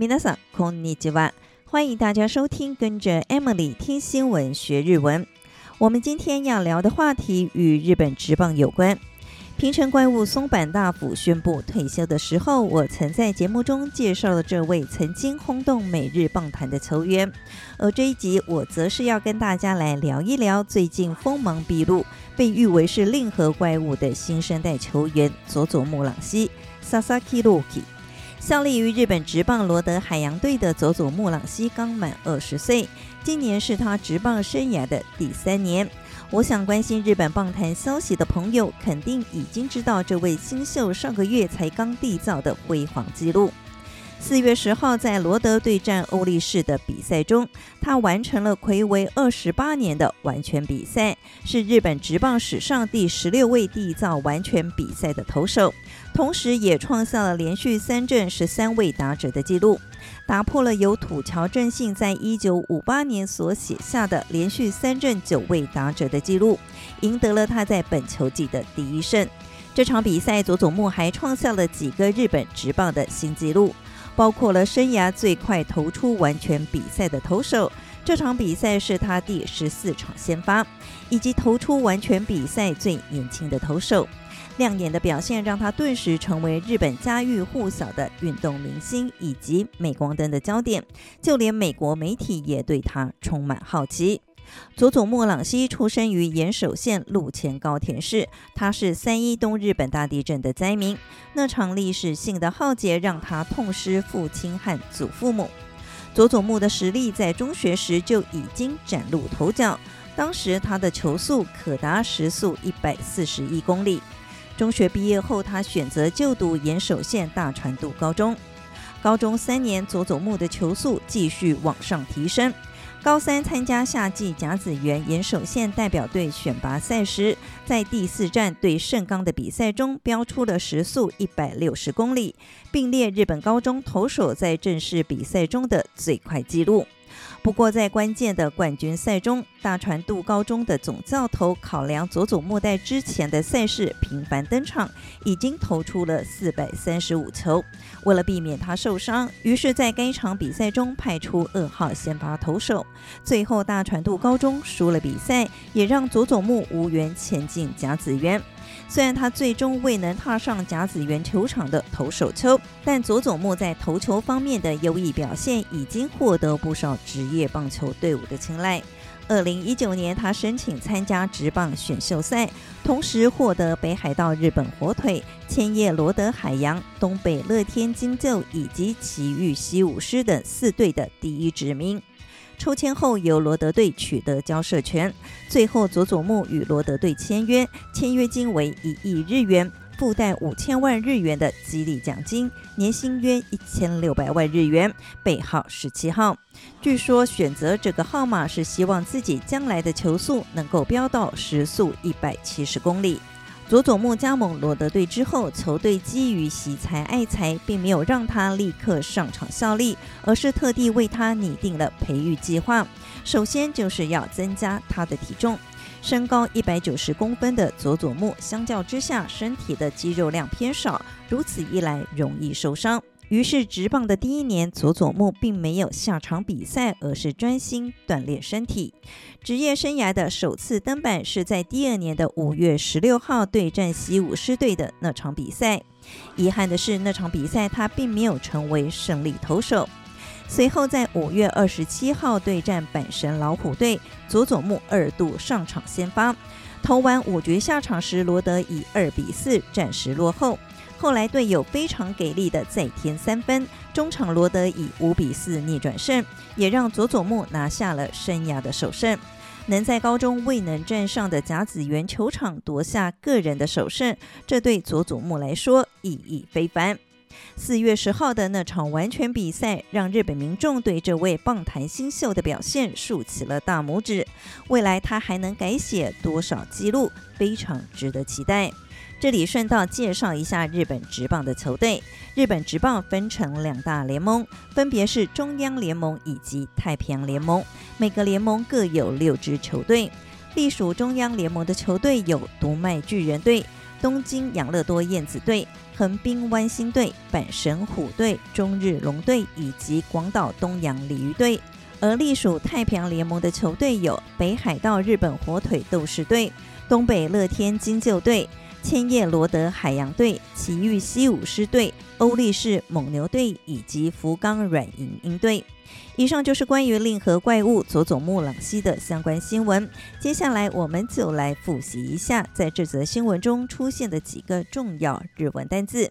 みなさんこんにちは。歡迎大家收聽，跟着 Emily 聽新聞學日文。我們今天要聊的話題與日本職棒有關。平成怪物松坂大輔宣布退休的時候，我曾在節目中介紹了這位曾經轟動美日棒壇的球員。而這一集，我則是要跟大家來聊一聊最近鋒芒畢露、被譽為是令和怪物的新生代球員佐佐木朗希，ささきろうき。效力於日本職棒羅德海洋隊的佐佐木朗希剛滿二十歲，今年是他職棒生涯的第三年。我想關心日本棒壇消息的朋友肯定已經知道這位新秀上個月才剛締造的輝煌紀錄。四月十號，在羅德對戰歐力士的比賽中，他完成了睽違二十八年的完全比賽，是日本職棒史上第十六位締造完全比賽的投手，同時也創下了連續三振十三位打者的紀錄，打破了由土橋正幸在一九五八年所寫下的連續三振九位打者的紀錄，贏得了他在本球季的第一勝。這場比賽，佐佐木還創下了幾個日本職棒的新紀錄。包括了生涯最快投出完全比賽的投手，這場比賽是他第十四場先發，以及投出完全比賽最年輕的投手。亮眼的表現讓他頓時成為日本家喻戶曉的運動明星，以及鎂光燈的焦點。就連美國媒體也對他充滿好奇。佐佐木朗希出生於岩手縣陸前高田市，他是三一東日本大地震的災民。那場歷史性的浩劫讓他痛失父親和祖父母。佐佐木的實力在中學時就已經嶄露頭角，當時他的球速可達時速一百四十一公里。中學畢業後，他選擇就讀岩手縣大船渡高中。高中三年，佐佐木的球速繼續往上提升。高三參加夏季甲子園岩手縣代表隊選拔賽時，在第四站對盛岡的比賽中，飆出了時速一百六十公里，並列日本高中投手在正式比賽中的最快紀錄。不過，在關鍵的冠軍賽中，大船渡高中的總教頭考量佐佐木在之前的賽事頻繁登場，已經投出了四百三十五球。為了避免他受傷，於是，在該場比賽中派出二號先發投手。最後，大船渡高中輸了比賽，也讓佐佐木無緣前進甲子園。雖然他最終未能踏上甲子園球場的投手丘，但佐佐木在投球方面的優異表現已經獲得不少職業棒球隊伍的青睞。二零一九年，他申請參加職棒選秀賽，同時獲得北海道日本火腿、千葉羅德海洋、東北樂天金鷲以及埼玉西武獅等四隊的第一指名。抽籤後由羅德隊取得交涉權，最後佐佐木與羅德隊簽約，簽約金為一億日元，附帶五千萬日元的激勵獎金，年薪約一千六百萬日元。背號十七號，據說選擇這個號碼是希望自己將來的球速能夠飆到時速一百七十公里。佐佐木加盟羅德隊之後，球隊基於惜才愛才，並沒有讓他立刻上場效力，而是特地為他擬定了培育計劃。首先就是要增加他的體重。身高一百九十公分的佐佐木，相較之下，身體的肌肉量偏少，如此一來容易受傷。於是，職棒的第一年，佐佐木並沒有下場比賽，而是專心鍛鍊身體。職業生涯的首次登板是在第二年的五月十六號對戰西武獅隊的那場比賽。遺憾的是，那場比賽他並沒有成為勝利投手。隨後，在五月二十七號對戰阪神老虎隊，佐佐木二度上場先發，投完五局下場時，羅德以二比四暫時落後。後來隊友非常給力的再添三分，中場羅德以五比四逆轉勝，也讓佐佐木拿下了生涯的首勝。能在高中未能站上的甲子園球場奪下個人的首勝，這對佐佐木來說意義非凡。四月十號的那場完全比賽，讓日本民眾對這位棒壇新秀的表現豎起了大拇指。未來他還能改寫多少記錄，非常值得期待。這裡順道介紹一下日本職棒的球隊。日本職棒分成兩大聯盟，分別是中央聯盟以及太平洋聯盟。每個聯盟各有六支球隊。隸屬中央聯盟的球隊有讀賣巨人隊、東京養樂多燕子隊、橫濱灣星隊、阪神虎隊、中日龍隊以及廣島東洋鯉魚隊。而隸屬太平洋聯盟的球隊有北海道日本火腿鬥士隊、東北樂天金鷲隊、千葉羅德海洋隊、埼玉西武獅隊、歐力士蒙牛隊以及福岡軟銀鷹隊。以上就是關於令和怪物佐佐木朗希的相關新聞。接下來，我們就來複習一下在這則新聞中出現的幾個重要日文單字。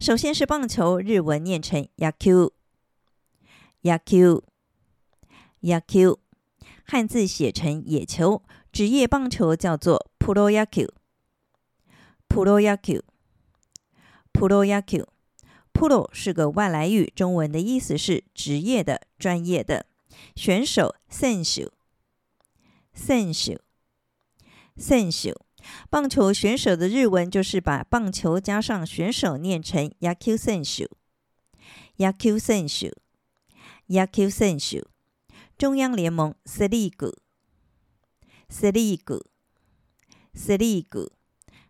首先是棒球，日文念成 “yaku”，yaku，yaku，漢字寫成“野球”。職業棒球叫做プロ野球。プロ野球。プロ野球。プロ是個外來語，中文的意思是職業的、專業的。選手、選手、選手。選手、選手、選手。棒球選手的日文就是把棒球加上選手念成野球選手、野球選手、野球選手。選手。中央聯盟、セリーグ、セリーグ、セ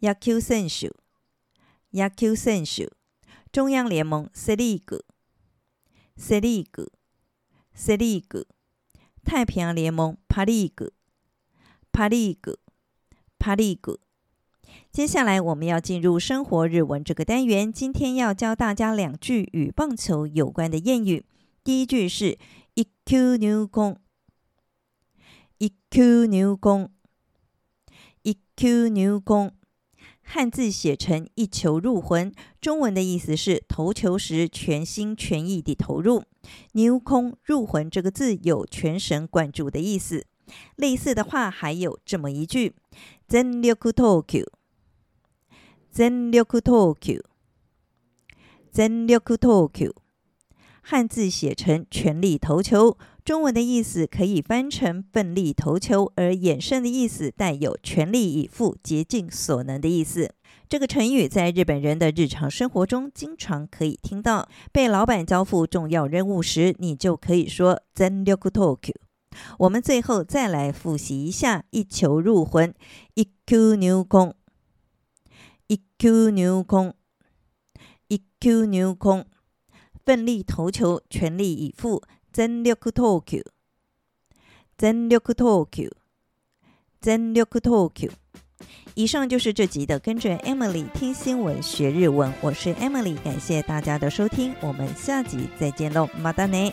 野球選手，野球選手，中央聯盟セリーグ，セリーグ，セリーグ，太平洋聯盟パリーグ，パリーグ，パリーグ。接下來我們要進入生活日文這個單元。今天要教大家兩句與棒球有關的諺語。第一句是一“一球入魂”，一球入魂，一球入魂。漢字寫成“一球入魂”，中文的意思是投球時全心全意地投入。牛空入魂這個字有全神貫注的意思。類似的話還有這麼一句：“ぜんりょくとうきゅう，ぜんりょくとうきゅう，ぜんりょくとうきゅう。”漢字寫成“全力投球”投球。中文的意思可以翻成“奮力投球”，而衍生的意思帶有“全力以赴、竭盡所能”的意思。這個成語在日本人的日常生活中經常可以聽到。被老闆交付重要任務時，你就可以說“全力投球”。我們最後再來復習一下：一球入魂，一 q 入空，一 q 入空，一 q 入空，奮力投球，全力以赴。全力投球，全力投球，全力投球，以上就是這集的，跟着 Emily 聽新聞學日文，我是 Emily，感謝大家的收聽，我們下集再見嘍，またね。